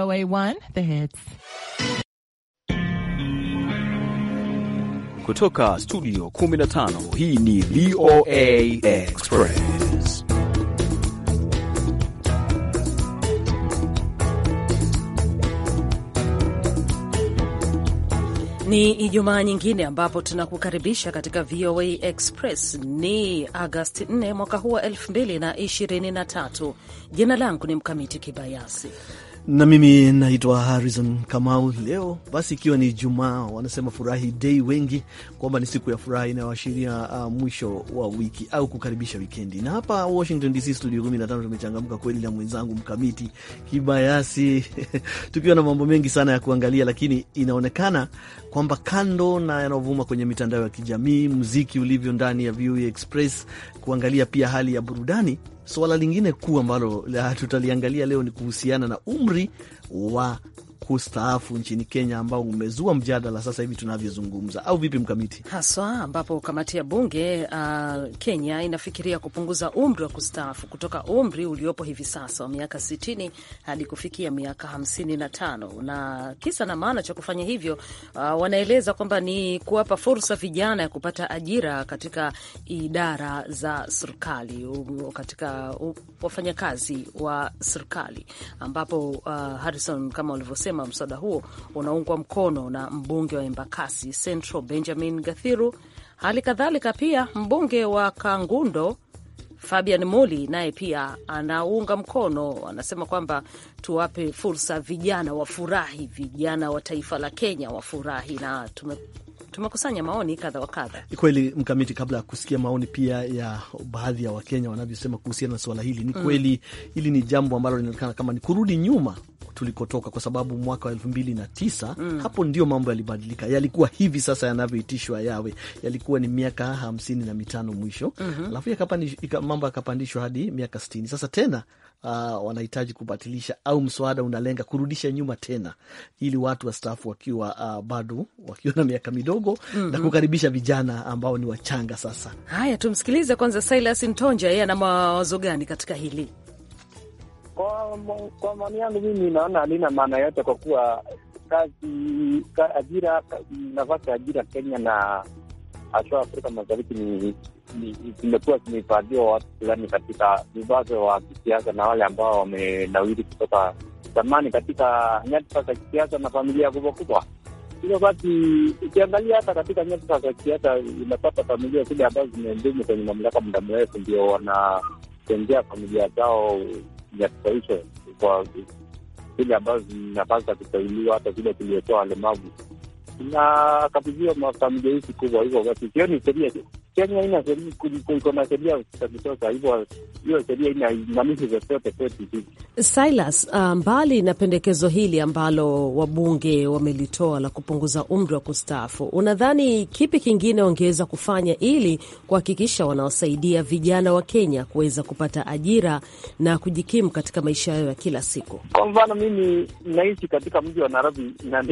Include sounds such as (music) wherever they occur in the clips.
VOA1, the hits. Kutoka studio 15 hii ni VOA Express. Ni Ijumaa nyingine ambapo tunakukaribisha katika VOA Express. Ni Agosti 4 mwaka huu wa 2023. Jina langu ni Mkamiti Kibayasi na mimi naitwa Harrison Kamau. Leo basi, ikiwa ni Jumaa, wanasema furahi dei wengi kwamba ni siku ya furaha inayoashiria uh, mwisho wa wiki au kukaribisha wikendi. Na hapa Washington DC studio 15 tumechangamka kweli na mwenzangu mkamiti Kibayasi (laughs) tukiwa na mambo mengi sana ya kuangalia, lakini inaonekana kwamba kando na yanayovuma kwenye mitandao ya kijamii, muziki ulivyo ndani ya VOA Express, kuangalia pia hali ya burudani Suala lingine kuu ambalo tutaliangalia leo ni kuhusiana na umri wa kustaafu nchini Kenya ambao umezua mjadala sasa hivi tunavyozungumza, au vipi Mkamiti? Haswa ambapo kamati ya bunge uh, Kenya inafikiria kupunguza umri wa kustaafu kutoka umri uliopo hivi sasa wa miaka 60 hadi kufikia miaka 55, na kisa na maana cha kufanya hivyo uh, wanaeleza kwamba ni kuwapa fursa vijana ya kupata ajira katika idara za serikali, katika wafanyakazi wa serikali ambapo uh, Harrison kama walivyosema amesema mswada huo unaungwa mkono na mbunge wa Embakasi Central Benjamin Gathiru, hali kadhalika pia mbunge wa Kangundo Fabian Muli naye pia anaunga mkono, anasema kwamba tuwape fursa vijana wafurahi, vijana wa taifa la Kenya wafurahi, na tume tumekusanya maoni kadha wa kadha. Kweli Mkamiti, kabla ya kusikia maoni pia ya baadhi ya Wakenya wanavyosema kuhusiana na suala hili, ni mm. kweli mm. hili ni jambo ambalo linaonekana kama ni kurudi nyuma tulikotoka kwa sababu mwaka wa elfu mbili na tisa mm. hapo ndio mambo yalibadilika, yalikuwa hivi sasa yanavyoitishwa yawe, yalikuwa ni miaka hamsini na mitano mwisho, mm-hmm. alafu mm -hmm. mambo yakapandishwa hadi miaka sitini. Sasa tena uh, wanahitaji kubatilisha au mswada unalenga kurudisha nyuma tena ili watu wastaafu wakiwa uh, bado wakiwa na miaka midogo mm -hmm. na mhm. kukaribisha vijana ambao ni wachanga. Sasa haya, tumsikilize kwanza Silas Ntonja, yeye ana mawazo gani katika hili? Kwa, kwa maoni yangu mimi naona halina maana yote kwa kuwa kazi ka, ajira ka, nafasi ya ajira Kenya na haswa Afrika Mashariki zimekuwa zimehifadhiwa watu fulani katika vibazo wa kisiasa na wale ambao wamenawiri kutoka zamani katika nyadhifa za kisiasa na familia kubwa kubwa. Hivyo basi, ukiangalia hata katika nyadhifa za kisiasa inapata familia zile ambazo zimedumu kwenye mamlaka muda mrefu, ndio wanatengea familia zao nyadhifa hizo kwa zile ambazo zinapasa kustahiliwa, hata zile tuliotoa walemavu na akapigwa mafamilia hii kubwa hivyo, basi sioni sheria Kenya iko na sheria za kutoka hivyo, hiyo sheria inainamisha zote kwetu Silas. Uh, mbali na pendekezo hili ambalo wabunge wamelitoa la kupunguza umri wa kustaafu, unadhani kipi kingine wangeweza kufanya ili kuhakikisha wanaosaidia vijana wa Kenya kuweza kupata ajira na kujikimu katika maisha yao ya kila siku? Kwa mfano, mimi naishi katika mji wa Nairobi na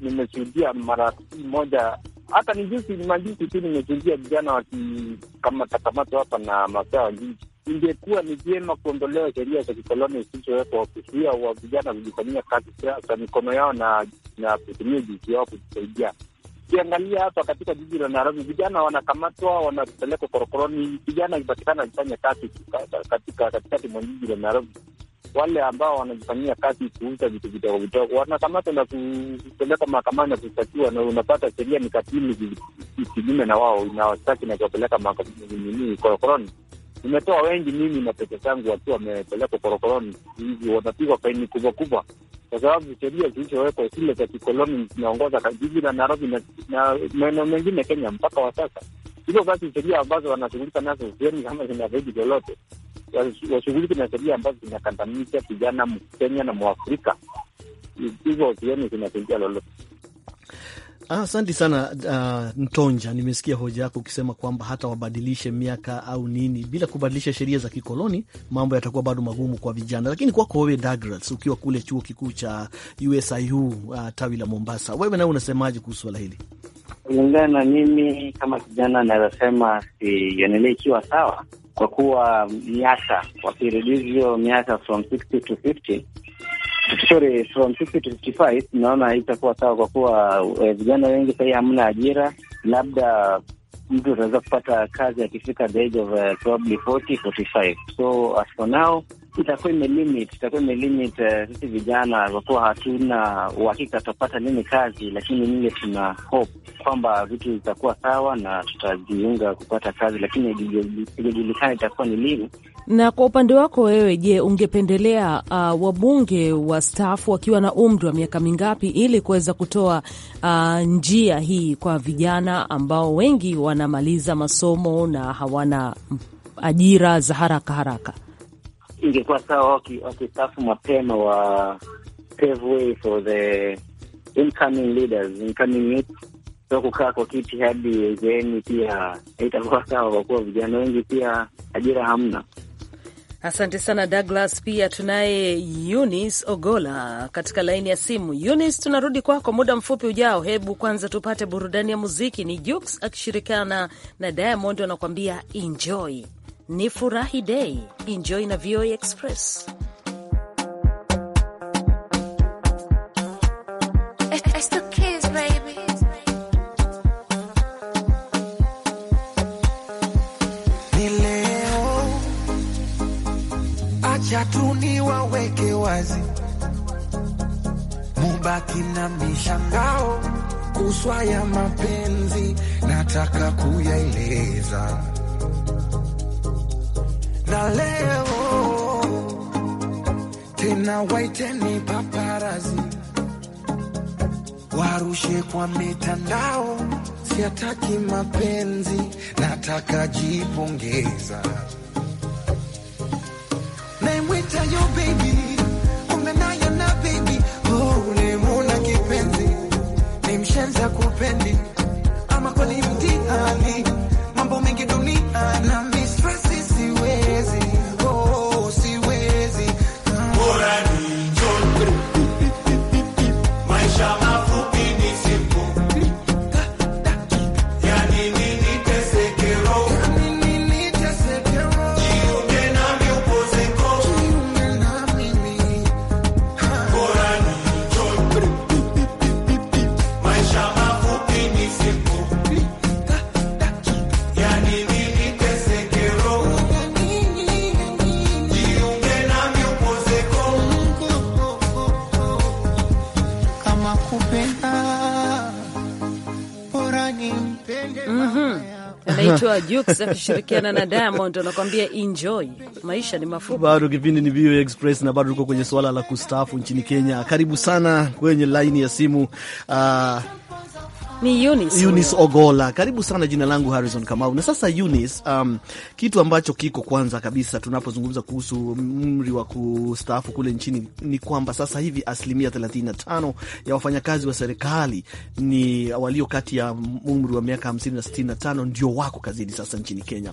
nimeshuhudia nime mara moja hata ni juzi majuzi tu nimeshuhudia vijana wakikamatakamatwa hapa na masaa nyingi. Ingekuwa ni vyema kuondolewa sheria za kikoloni zilizowekwa wakusia wa vijana kujifanyia kazi za mikono yao na na kutumia jinsi yao kujisaidia. Ukiangalia hapa katika jiji la Nairobi, vijana wanakamatwa, wanapelekwa korokoroni. Vijana akipatikana akifanya kazi katika katikati mwa jiji la Nairobi, wale ambao wanajifanyia kazi kuuza vitu vidogo vidogo wanakamata na kupeleka mahakamani na kushtakiwa, na unapata sheria ni katili kinyume na wao, inawastaki na kuwapeleka mahakamani korokoroni. Imetoa wengi mimi na pesa zangu wakiwa wamepelekwa korokoroni, hivi wanapigwa faini kubwa kubwa kwa sababu sheria zilizowekwa zile za kikoloni zinaongoza hivi na Nairobi na maeneo mengine Kenya mpaka wa sasa hizo basi sheria ambazo wanashughulika nazo sioni kama zinafaidi lolote. Washughulike na sheria ambazo zinakandamisha kijana Mkenya na Mwafrika, hizo sioni zinasaidia lolote. Asante ah, sana uh, Ntonja, nimesikia hoja yako ukisema kwamba hata wabadilishe miaka au nini, bila kubadilisha sheria za kikoloni mambo yatakuwa bado magumu kwa vijana. Lakini kwako wewe Douglas, ukiwa kule chuo kikuu cha USIU uh, tawi la Mombasa, wewe nawe unasemaje kuhusu swala hili? Kulingana na mimi kama kijana, naweza sema sionelei ikiwa sawa, kwa kuwa miaka wakireduce hiyo miaka from 60 to 50 sorry from 60 to 55, naona itakuwa sawa, kwa kuwa eh, vijana wengi sahii hamna ajira. Labda mtu ataweza kupata kazi akifika the age of uh, probably 40 45, so as for now itakuwa imelimit itakuwa imelimit eh, sisi vijana, kwa kuwa hatuna uhakika tutapata nini kazi, lakini nile tuna hope kwamba vitu vitakuwa sawa na tutajiunga kupata kazi, lakini ijajulikana itakuwa ni lini. Na kwa upande wako wewe, je, ungependelea uh, wabunge stafu wakiwa na umri wa miaka mingapi ili kuweza kutoa uh, njia hii kwa vijana ambao wengi wanamaliza masomo na hawana ajira za haraka haraka? ingekuwa sawa wakistafu mapema wa pave way for the incoming leaders, incoming youth. So kukaa kwa kiti hadi zeni, pia itakuwa sawa, kwa kuwa vijana wengi pia ajira hamna. Asante sana Douglas. Pia tunaye Eunice Ogola katika laini ya simu. Eunice, tunarudi kwako muda mfupi ujao. Hebu kwanza tupate burudani ya muziki, ni Jux akishirikiana na Diamond wanakuambia enjoy ni furahi dei. Enjoy na VOA Express. Chatuni waweke wazi, mubaki na mishangao, kuswa ya mapenzi nataka kuyaeleza za leo tena, waiteni paparazi warushe kwa mitandao, siataki mapenzi, nataka jipongeza. Naimwita yo baby, kumbe nayo na baby, oh, nemuna kipenzi, nimshenza kupendi, ama kweli mtihani, mambo mengi duniani anaitwa Jux akishirikiana na Diamond anakuambia enjoy, maisha ni mafupi. Bado kipindi ni VOA Express na bado tuko kwenye swala la kustaafu nchini Kenya. Karibu sana kwenye laini ya simu uh, ni Eunice, Eunice Ogola, karibu sana. Jina langu Harrison Kamau. Na sasa Eunice, um, kitu ambacho kiko kwanza kabisa tunapozungumza kuhusu umri wa kustaafu kule nchini ni kwamba sasa hivi asilimia 35 ya wafanyakazi wa serikali ni walio kati ya umri wa miaka 50 na 65 ndio wako kazini sasa nchini Kenya,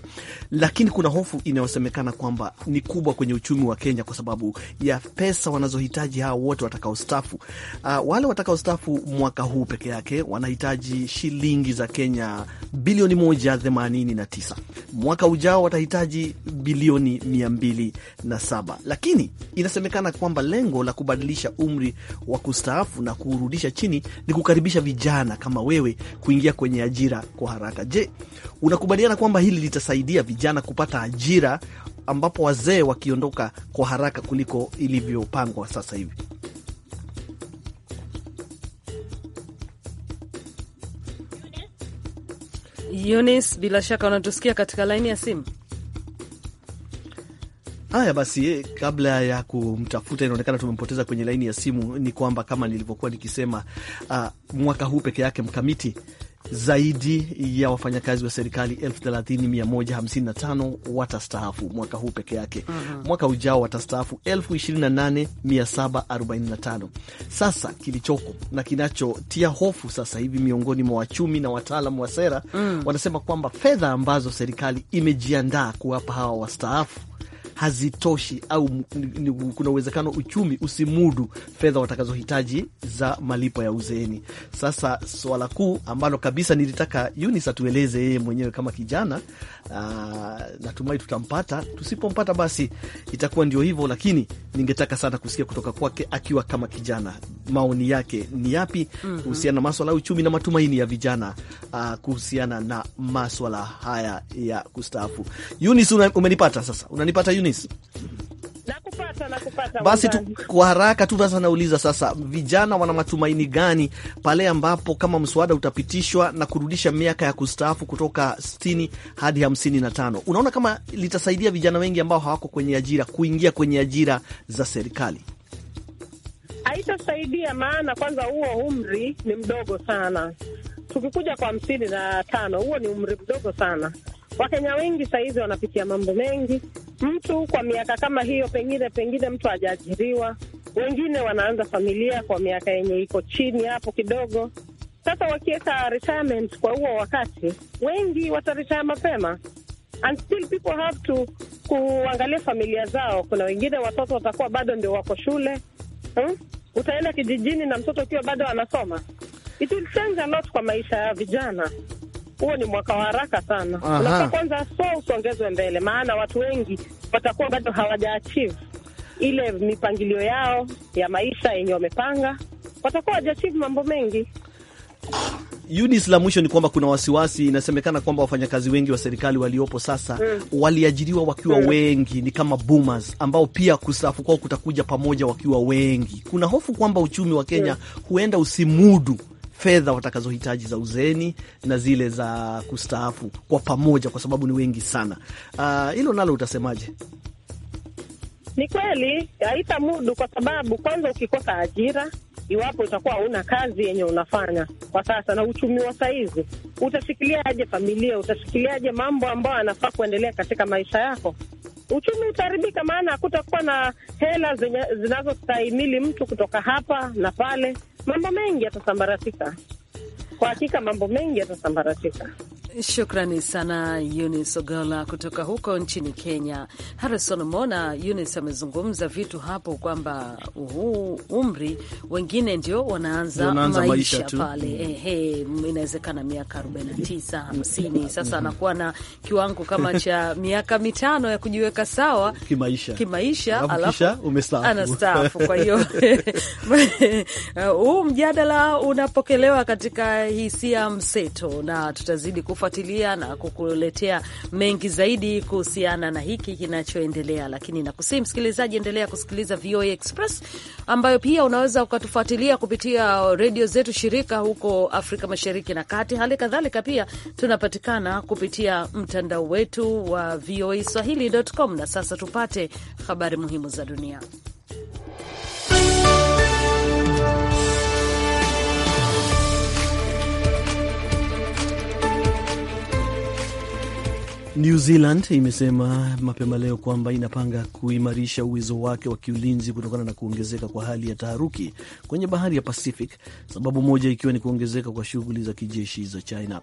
lakini kuna hofu inayosemekana kwamba ni kubwa kwenye uchumi wa Kenya kwa sababu ya pesa wanazohitaji hawa wote watakaostaafu. Uh, wale watakaostaafu mwaka huu peke yake wanahitaji watahitaji shilingi za Kenya bilioni 189. Mwaka ujao watahitaji bilioni 207, lakini inasemekana kwamba lengo la kubadilisha umri wa kustaafu na kuurudisha chini ni kukaribisha vijana kama wewe kuingia kwenye ajira kwa haraka. Je, unakubaliana kwamba hili litasaidia vijana kupata ajira ambapo wazee wakiondoka kwa haraka kuliko ilivyopangwa sasa hivi? Yunis, bila shaka unatusikia katika laini ya simu. Haya basi, eh, kabla ya kumtafuta, inaonekana tumempoteza kwenye laini ya simu. Ni kwamba kama nilivyokuwa nikisema, uh, mwaka huu peke yake mkamiti zaidi ya wafanyakazi wa serikali 30155 watastaafu mwaka huu peke yake. mm -hmm. Mwaka ujao watastaafu 28745. Sasa kilichoko na kinachotia hofu sasa hivi miongoni mwa wachumi na wataalam wa sera mm. wanasema kwamba fedha ambazo serikali imejiandaa kuwapa hawa wastaafu hazitoshi au kuna uwezekano uchumi usimudu fedha watakazohitaji za malipo ya uzeeni. Sasa swala kuu ambalo kabisa nilitaka Yunis atueleze yeye mwenyewe kama kijana aa, natumai tutampata. Tusipompata basi itakuwa ndio hivyo, lakini ningetaka sana kusikia kutoka kwake akiwa kama kijana, maoni yake ni yapi mhm. kuhusiana mm na maswala ya uchumi na matumaini ya vijana kuhusiana na maswala haya ya kustaafu. Yunis, umenipata sasa? Unanipata Yunis? Agnes? Basi tu kwa haraka tu sasa, nauliza sasa, vijana wana matumaini gani pale ambapo kama mswada utapitishwa na kurudisha miaka ya kustaafu kutoka 60 hadi 55, unaona kama litasaidia vijana wengi ambao hawako kwenye ajira kuingia kwenye ajira za serikali? Haitasaidia, maana kwanza huo umri ni mdogo sana. Tukikuja kwa 55, tano, huo ni umri mdogo sana. Wakenya wengi sahizi wanapitia mambo mengi mtu kwa miaka kama hiyo, pengine pengine mtu hajaajiriwa, wengine wanaanza familia kwa miaka yenye iko chini hapo kidogo. Sasa wakiweka retirement kwa huo wakati, wengi wataretire mapema and still people have to kuangalia familia zao. Kuna wengine watoto watakuwa bado ndio wako shule hmm? Utaenda kijijini na mtoto ukiwa bado anasoma, it will change a lot kwa maisha ya vijana huo ni mwaka wa haraka sana. Unafaa kwanza so usongezwe mbele, maana watu wengi watakuwa bado hawaja achieve ile mipangilio yao ya maisha yenye wamepanga, watakuwa hawaja achieve mambo mengi. Judith, la mwisho ni kwamba kuna wasiwasi, inasemekana kwamba wafanyakazi wengi wa serikali waliopo sasa mm. waliajiriwa wakiwa mm. wengi, ni kama boomers ambao pia kusafu kwao kutakuja pamoja wakiwa wengi. Kuna hofu kwamba uchumi wa Kenya mm. huenda usimudu fedha watakazohitaji za uzeni na zile za kustaafu kwa pamoja, kwa sababu ni wengi sana. Ah, hilo uh, nalo utasemaje? Ni kweli mudu, kwa sababu kwanza, ukikosa ajira, iwapo utakuwa una kazi yenye unafanya kwa sasa na uchumi wa sahizi utashikiliaje familia? Utashikiliaje mambo ambayo anafaa kuendelea katika maisha yako? Uchumi utaharibika, maana hakutakuwa na hela zinazostahimili mtu kutoka hapa na pale mambo mengi yatasambaratika. Kwa hakika mambo mengi yatasambaratika. Shukrani sana Eunice Ogola kutoka huko nchini Kenya. Harrison Mona, Eunice amezungumza vitu hapo kwamba huu umri wengine ndio wanaanza maisha, maisha pale mm. ehe, inawezekana miaka 49 50. Sasa mm-hmm. anakuwa na kiwango kama cha (laughs) miaka mitano ya kujiweka sawa kimaisha, kimaisha alafu anastaafu. Kwa hiyo (laughs) (laughs) uh, huu mjadala unapokelewa katika hisia mseto na tutazidi kufa kukufuatilia na kukuletea mengi zaidi kuhusiana na hiki kinachoendelea. Lakini nakusihi msikilizaji, endelea kusikiliza VOA Express ambayo pia unaweza ukatufuatilia kupitia redio zetu shirika huko Afrika Mashariki na Kati. Hali kadhalika pia tunapatikana kupitia mtandao wetu wa VOA Swahili.com. Na sasa tupate habari muhimu za dunia. New Zealand imesema mapema leo kwamba inapanga kuimarisha uwezo wake wa kiulinzi kutokana na kuongezeka kwa hali ya taharuki kwenye bahari ya Pacific, sababu moja ikiwa ni kuongezeka kwa shughuli za kijeshi za China.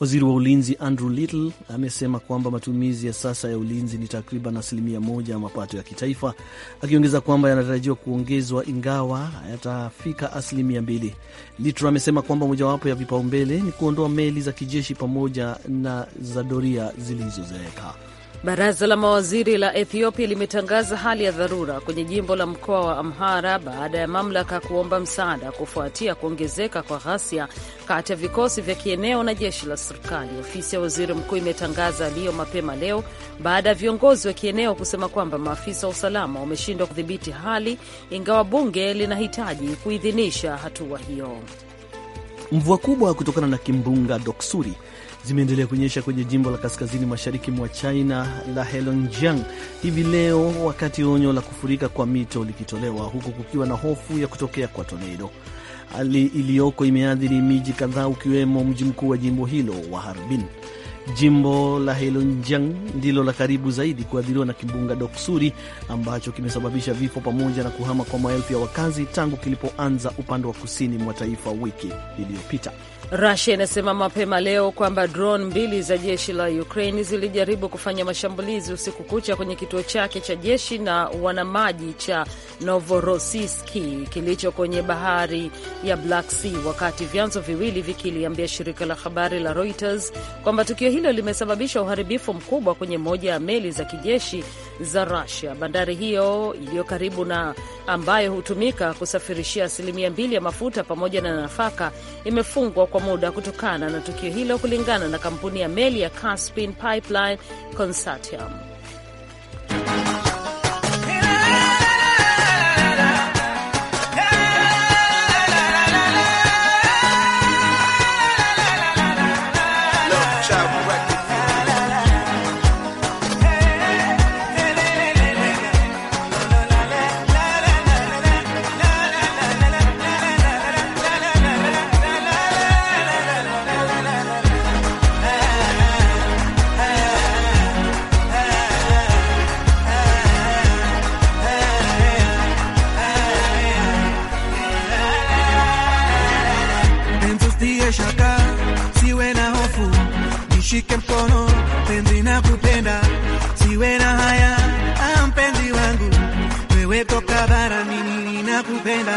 Waziri wa ulinzi Andrew Little amesema kwamba matumizi ya sasa ya ulinzi ni takriban asilimia moja ya mapato ya kitaifa, akiongeza kwamba yanatarajiwa kuongezwa ingawa yatafika asilimia mbili. Little amesema kwamba mojawapo ya vipaumbele ni kuondoa meli za kijeshi pamoja na za doria zilizozeeka. Baraza la mawaziri la Ethiopia limetangaza hali ya dharura kwenye jimbo la mkoa wa Amhara baada ya mamlaka kuomba msaada kufuatia kuongezeka kwa ghasia kati ya vikosi vya kieneo na jeshi la serikali. Ofisi ya waziri mkuu imetangaza aliyo mapema leo baada ya viongozi wa kieneo kusema kwamba maafisa wa usalama wameshindwa kudhibiti hali, ingawa bunge linahitaji kuidhinisha hatua hiyo. Mvua kubwa kutokana na kimbunga Doksuri zimeendelea kunyesha kwenye jimbo la kaskazini mashariki mwa China la Heilongjiang hivi leo, wakati onyo la kufurika kwa mito likitolewa, huku kukiwa na hofu ya kutokea kwa tornado. Hali iliyoko imeathiri miji kadhaa ukiwemo mji mkuu wa jimbo hilo wa Harbin. Jimbo la Helonjiang ndilo la karibu zaidi kuathiriwa na kimbunga Doksuri ambacho kimesababisha vifo pamoja na kuhama kwa maelfu ya wakazi tangu kilipoanza upande wa kusini mwa taifa wiki iliyopita. Rusia inasema mapema leo kwamba drone mbili za jeshi la Ukraine zilijaribu kufanya mashambulizi usiku kucha kwenye kituo chake cha jeshi na wanamaji cha novorosiski kilicho kwenye bahari ya Black Sea, wakati vyanzo viwili vikiliambia shirika la habari la Reuters kwamba tukio hilo limesababisha uharibifu mkubwa kwenye moja ya meli za kijeshi za Russia. Bandari hiyo iliyo karibu na ambayo hutumika kusafirishia asilimia mbili ya mafuta pamoja na nafaka imefungwa kwa muda kutokana na tukio hilo, kulingana na kampuni ya meli ya Caspian Pipeline Consortium. umetoka bara mimi ninakupenda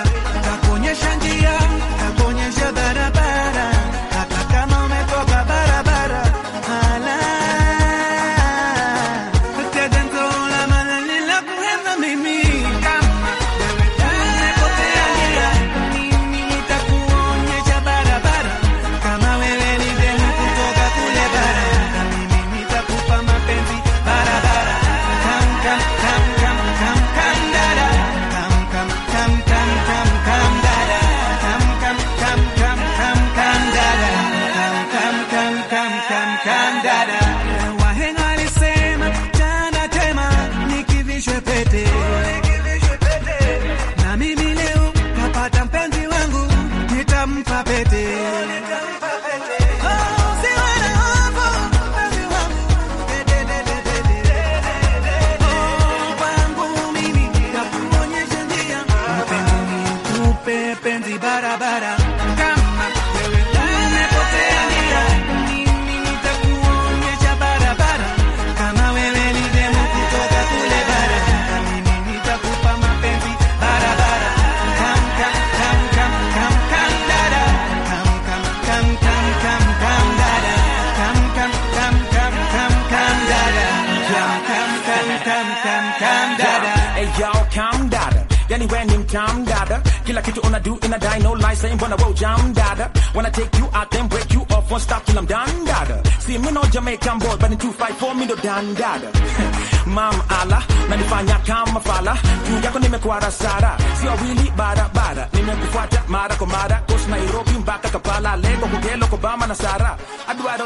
When when him jam dada. Kill a kid on a do in a die, no lie same wanna roll jam dada. Wanna take you out then break you off, one stop till I'm done dada. See me no Jamaican boy, but in two fight for me no done dada. (laughs) mam ala nanifanya kama fala juu yako nimekuwa rasara si wawili barabara nimekufuata mara kwa mara kos Nairobi mpaka Kapala lengo kugelo kwa Kobama na Sara Eduardo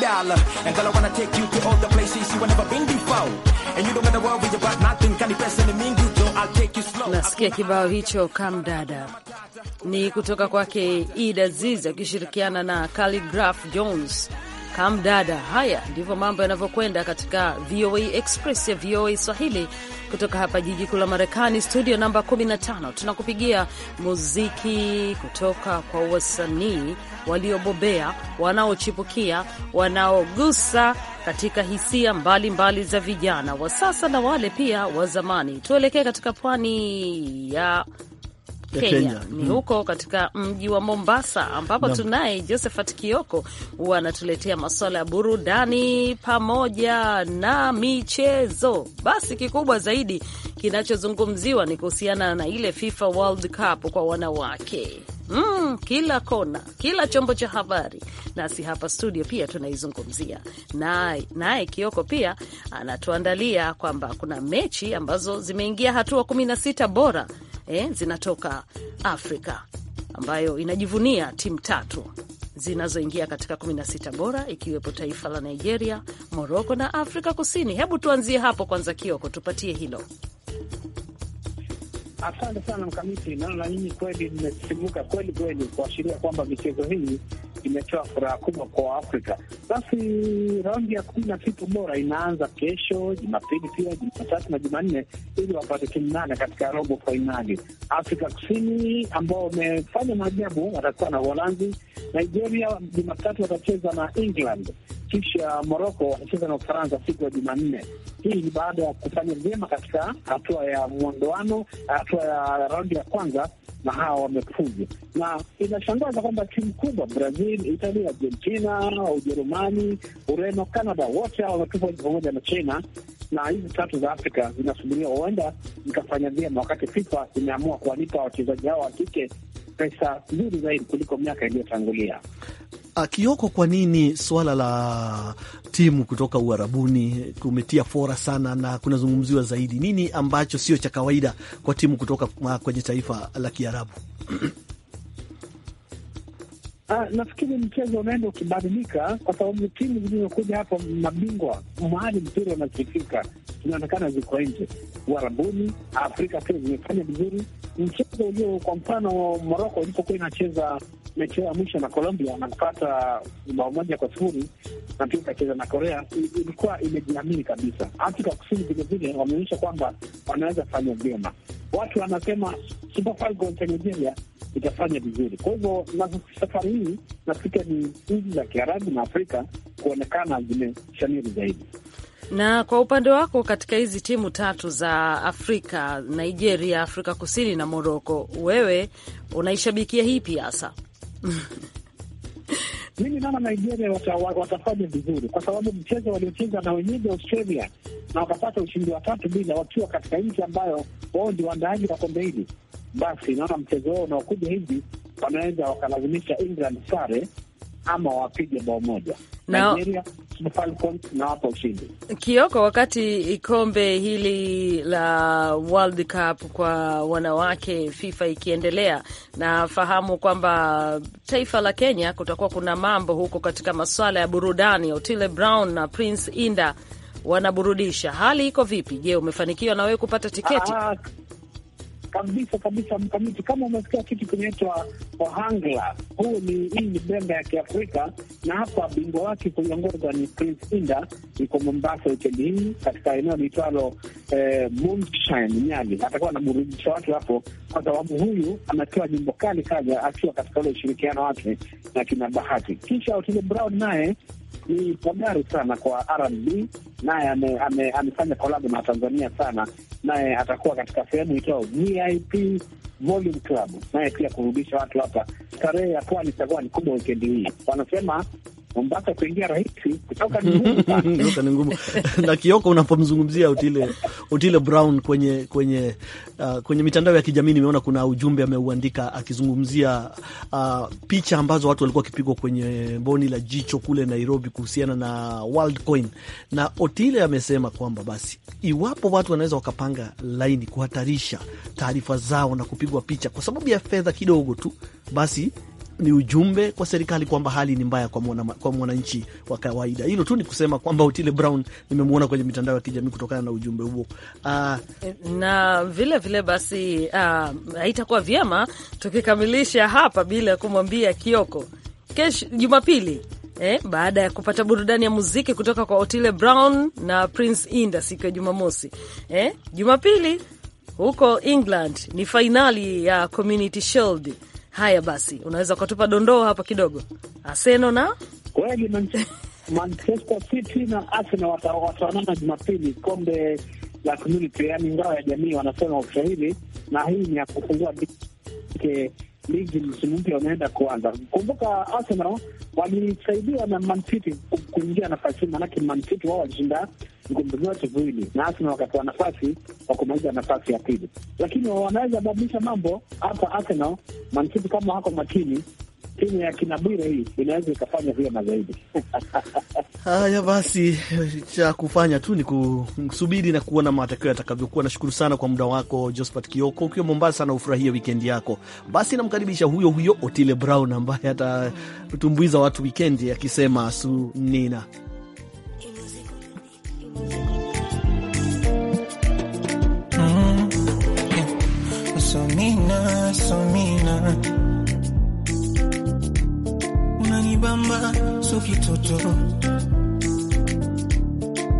dala and girl I wanna take you to all the places you never been before and you don't got the world with worry but nothing can kani pesa mean you so I'll take you slow nasikia kibao hicho kam dada ni kutoka kwake Ida Ziz akishirikiana na Calligraph Jones Hamdada. Haya ndivyo mambo yanavyokwenda katika VOA Express ya VOA Swahili kutoka hapa jiji kuu la Marekani, studio namba 15. Tunakupigia muziki kutoka kwa wasanii waliobobea, wanaochipukia, wanaogusa katika hisia mbalimbali mbali za vijana wa sasa na wale pia wa zamani. Tuelekee katika pwani ya Kenya, Ni mm-hmm. huko katika mji wa Mombasa ambapo no. tunaye Josephat Kioko huwa anatuletea masuala ya burudani pamoja na michezo. Basi kikubwa zaidi kinachozungumziwa ni kuhusiana na ile FIFA World Cup kwa wanawake. Mm, kila kona, kila chombo cha habari, nasi hapa studio pia tunaizungumzia. Naye naye Kioko pia anatuandalia kwamba kuna mechi ambazo zimeingia hatua kumi na sita bora eh, zinatoka Afrika ambayo inajivunia timu tatu zinazoingia katika 16 bora ikiwepo taifa la Nigeria, Moroko na Afrika Kusini. Hebu tuanzie hapo kwanza, Kioko, tupatie hilo. Asante sana Mkamiti. Naona nyinyi kweli mmesimuka kweli kweli, kuashiria kwamba michezo hii kimetoa furaha kubwa kwa Afrika. Basi raundi ya kumi na sita bora inaanza kesho Jumapili, pia Jumatatu na Jumanne, ili wapate timu nane katika robo fainali. Afrika Kusini ambao wamefanya maajabu watakuwa na Uholanzi. Nigeria Jumatatu watacheza na England kisha Moroko wanacheza na Ufaransa siku ya Jumanne. Hii ni baada ya kufanya vyema katika hatua ya mwondoano, hatua ya raundi ya kwanza, na hawa wamefuzu. Na inashangaza kwamba timu kubwa Brazil, Italia, Argentina, Ujerumani, Ureno, Canada, wote hawa wametupa pamoja na China na hizi tatu za Afrika zinasubiriwa huenda zikafanya vyema, wakati FIFA imeamua kuwalipa wachezaji hao wa kike pesa nzuri zaidi kuliko miaka iliyotangulia. Kioko, kwa nini swala la timu kutoka uharabuni kumetia fora sana na kunazungumziwa zaidi? Nini ambacho sio cha kawaida kwa timu kutoka ah, kwenye taifa la Kiarabu? (clears throat) Ah, nafikiri mchezo unaenda ukibadilika kwa sababu timu zilizokuja hapa mabingwa mahali mpira unakifika zinaonekana ziko nje. Uarabuni, Afrika pia zimefanya vizuri. Mchezo ulio kwa mfano Moroko ilipokuwa inacheza mechi ya mwisho na Colombia na kupata bao moja kwa sifuri na pia ikacheza na Korea, ilikuwa imejiamini kabisa. Afrika Kusini vilevile wameonyesha kwamba wanaweza fanya vyema. Watu wanasema Super Falcons ya Nigeria itafanya vizuri. Kwa hivyo na safari hii nafika ni nchi za Kiarabu na Afrika kuonekana zimeshamiri zaidi. Na kwa upande wako, katika hizi timu tatu za Afrika, Nigeria, Afrika Kusini na Moroko, wewe unaishabikia hipi hasa? (laughs) Mimi naona Nigeria watafanya vizuri kwa sababu mchezo waliocheza na wenyeji Australia na wakapata ushindi wa tatu bila, wakiwa katika nchi ambayo wao ndio waandaaji wa kombe hili, basi naona mchezo wao unaokuja hivi wanaweza wakalazimisha England sare ama wapige bao moja na wapo ushindi. Kioko, wakati kombe hili la World Cup kwa wanawake FIFA ikiendelea, nafahamu kwamba taifa la Kenya kutakuwa kuna mambo huko katika maswala ya burudani. Otile Brown na Prince Inda wanaburudisha. Hali iko vipi? Je, umefanikiwa na wewe kupata tiketi? Aha kabisa kabisa. Mkamiti, kama umesikia kitu kinaitwa Ohangla, huu ni hii ni bembe ya Kiafrika, na hapa bingwa wake kuiongoza ni Prince Inda, iko Mombasa wikendi hii katika eneo liitwalo eh, Moonshine Nyali. Atakuwa burudisha watu hapo, kwa sababu huyu ametoa jimbo kali kaja akiwa katika ule ushirikiano wake na kina Bahati. Kisha Otile Brown naye ni hodari sana kwa R&B, naye amefanya ame, kolabo na Tanzania sana, naye atakuwa katika sehemu itao VIP Volume Club, naye pia kurudisha watu hapa. Starehe ya pwani itakuwa ni kubwa wikendi hii, wanasema Mombasa kuingia rahisi, (laughs) kutoka ni ngumu. Na Kioko, unapomzungumzia Otile Otile Brown kwenye kwenye uh, kwenye mitandao ya kijamii nimeona kuna ujumbe ameuandika akizungumzia uh, picha ambazo watu walikuwa wakipigwa kwenye boni la jicho kule Nairobi kuhusiana na Worldcoin, na Otile amesema kwamba basi iwapo watu wanaweza wakapanga laini kuhatarisha taarifa zao na kupigwa picha kwa sababu ya fedha kidogo tu, basi ni ujumbe kwa serikali kwamba hali ni mbaya kwa kwa mwananchi wa kawaida. Hilo tu ni kusema kwamba Otile Brown nimemwona kwenye mitandao ya kijamii kutokana na ujumbe huo. Uh, na vile vile basi uh, vyema tukikamilisha hapa bila kumwambia Kioko kesho Jumapili. Eh, baada ya kupata burudani ya muziki kutoka kwa Otile Brown na Prince Inda siku ya Jumamosi, eh, Jumapili huko England ni fainali ya Community Shield Haya basi, unaweza ukatupa dondoo hapa kidogo, aseno na kweli Manchester City na Arsenal wataonana Jumapili, kombe la community, yaani ngao ya jamii wanasema Waswahili, na hii ni ya kufungua ligi msimu mpya unaenda kuanza. Kumbuka Arsenal walisaidiwa na Man City kuingia nafasi, maanake Man City wao walishinda vikombe vyote viwili, na Arsenal wakapewa nafasi wa kumaliza nafasi ya pili, lakini wanaweza badilisha mambo hapa. Arsenal Mancity kama wako makini timu ya kinabwire hii inaweza ikafanya vyema zaidi. (laughs) Haya basi, cha kufanya tu ni kusubiri na kuona matokeo yatakavyokuwa. Nashukuru sana kwa muda wako Josephat Kioko, ukiwa Mombasa na ufurahie wikendi yako. Basi namkaribisha huyo huyo Otile Brown ambaye atatumbuiza watu wikendi akisema sunina Mm-hmm. Somina, somina, unanibamba so kitoto,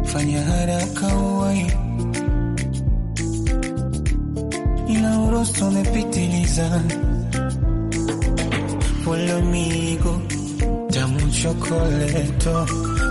fanya haraka uwai, ila Follow me go, tamu chokoleto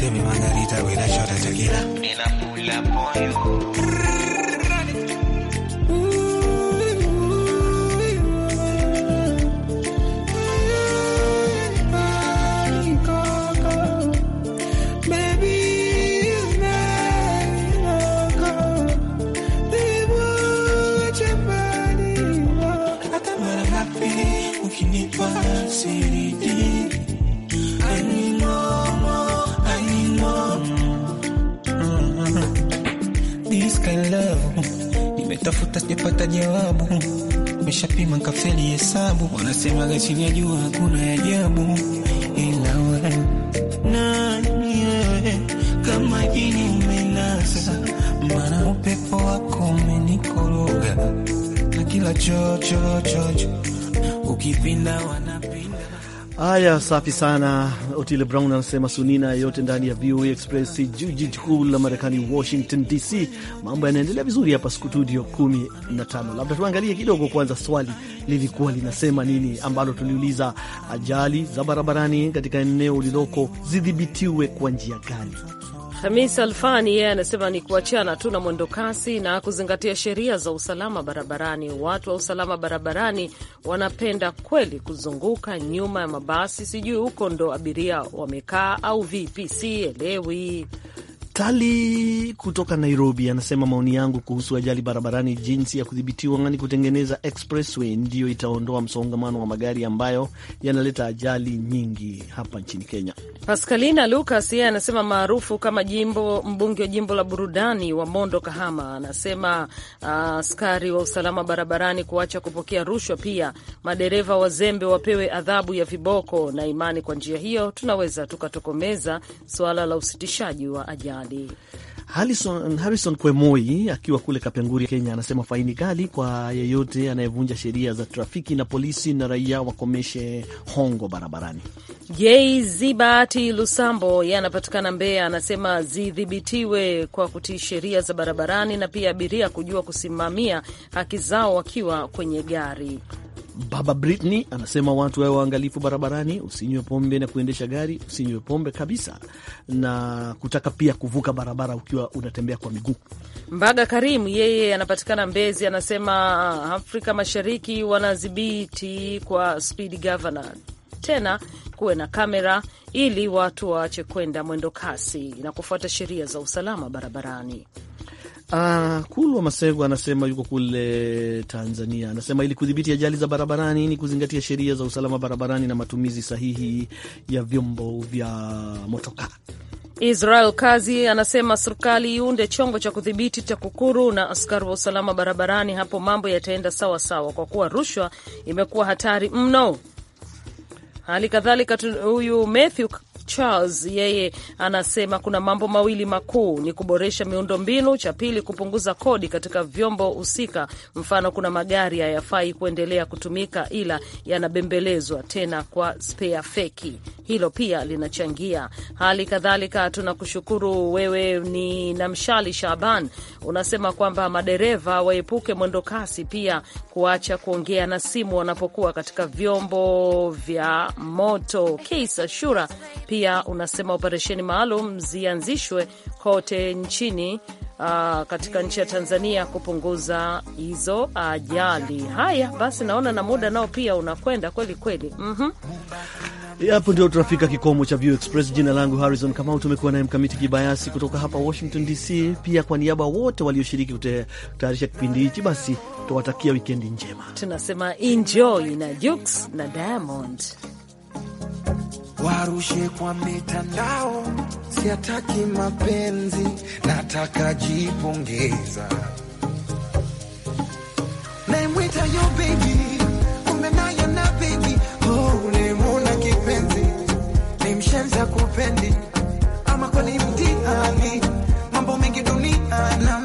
Margarita, tequila. Ninakula pollo. kapima kafeli hesabu, wanasema gachi vya jua hakuna ajabu, ila wewe nani wewe, kama jini umenasa, mana upepo wako umenikoroga na kila chochochocho ukipinda wanapinda. Haya, safi sana. Otile Brown anasema sunina yote ndani ya VOA Express, jiji kuu la Marekani, Washington DC. Mambo yanaendelea vizuri hapa studio 15. Labda tuangalie kidogo kwanza, swali lilikuwa linasema nini, ambalo tuliuliza, ajali za barabarani katika eneo liloko zidhibitiwe kwa njia gani? Hamis Alfani yeye anasema ni kuachana tu na mwendokasi na kuzingatia sheria za usalama barabarani. Watu wa usalama barabarani wanapenda kweli kuzunguka nyuma ya mabasi, sijui huko ndo abiria wamekaa au vipi, sielewi tali kutoka Nairobi anasema maoni yangu kuhusu ajali barabarani, jinsi ya kudhibitiwa ni kutengeneza expressway, ndiyo itaondoa msongamano wa magari ambayo yanaleta ajali nyingi hapa nchini Kenya. Pascalina Lucas yeye anasema maarufu kama jimbo mbunge wa jimbo la burudani wa Mondo Kahama anasema uh, askari uh, wa usalama barabarani kuacha kupokea rushwa, pia madereva wazembe wapewe adhabu ya viboko na imani. Kwa njia hiyo tunaweza tukatokomeza suala la usitishaji wa ajali. Chadi. Harrison, Harrison Kwemoi akiwa kule Kapenguri, Kenya, anasema faini kali kwa yeyote anayevunja sheria za trafiki na polisi na raia wakomeshe hongo barabarani. jei Zibati Lusambo ye anapatikana Mbeya, anasema zidhibitiwe kwa kutii sheria za barabarani na pia abiria kujua kusimamia haki zao wakiwa kwenye gari. Baba Britney anasema watu wawe waangalifu barabarani, usinywe pombe na kuendesha gari, usinywe pombe kabisa, na kutaka pia kuvuka barabara ukiwa unatembea kwa miguu. Mbaga karimu yeye anapatikana Mbezi, anasema ah, Afrika Mashariki wanadhibiti kwa speed governor, tena kuwe na kamera ili watu waache kwenda mwendo kasi na kufuata sheria za usalama barabarani. Ah, Kulwa Masego anasema yuko kule Tanzania. Anasema ili kudhibiti ajali za barabarani ni kuzingatia sheria za usalama barabarani na matumizi sahihi ya vyombo vya motoka Israel Kazi anasema serikali iunde chombo cha kudhibiti TAKUKURU na askari wa usalama barabarani, hapo mambo yataenda sawa sawa, kwa kuwa rushwa imekuwa hatari mno. Hali kadhalika huyu Matthew Charles yeye anasema kuna mambo mawili makuu, ni kuboresha miundo mbinu cha pili kupunguza kodi katika vyombo husika. Mfano, kuna magari hayafai kuendelea kutumika, ila yanabembelezwa tena kwa spea feki, hilo pia linachangia. Hali kadhalika tunakushukuru wewe, ni Namshali Shaban, unasema kwamba madereva waepuke mwendo kasi, pia kuacha kuongea na simu wanapokuwa katika vyombo vya moto. Kisa Shura pia pia unasema operesheni maalum zianzishwe kote nchini Uh, katika nchi ya Tanzania kupunguza hizo ajali. Haya basi, naona na muda nao pia unakwenda kweli kweli. mm-hmm. Hapo ndio tunafika kikomo cha View Express. Jina langu Harrison Kamau, tumekuwa naye Mkamiti Kibayasi kutoka hapa Washington DC, pia kwa niaba wote walioshiriki kutayarisha kipindi hichi, basi tuwatakia wikendi njema, tunasema enjoy na Jux na Diamond warushe kwa mitandao. Siataki mapenzi, nataka jipongeza. Naimwita yo baby kumbe nayo na baby oh, nemona kipenzi ni kupendi ama kwani mtihani mambo mengi duniani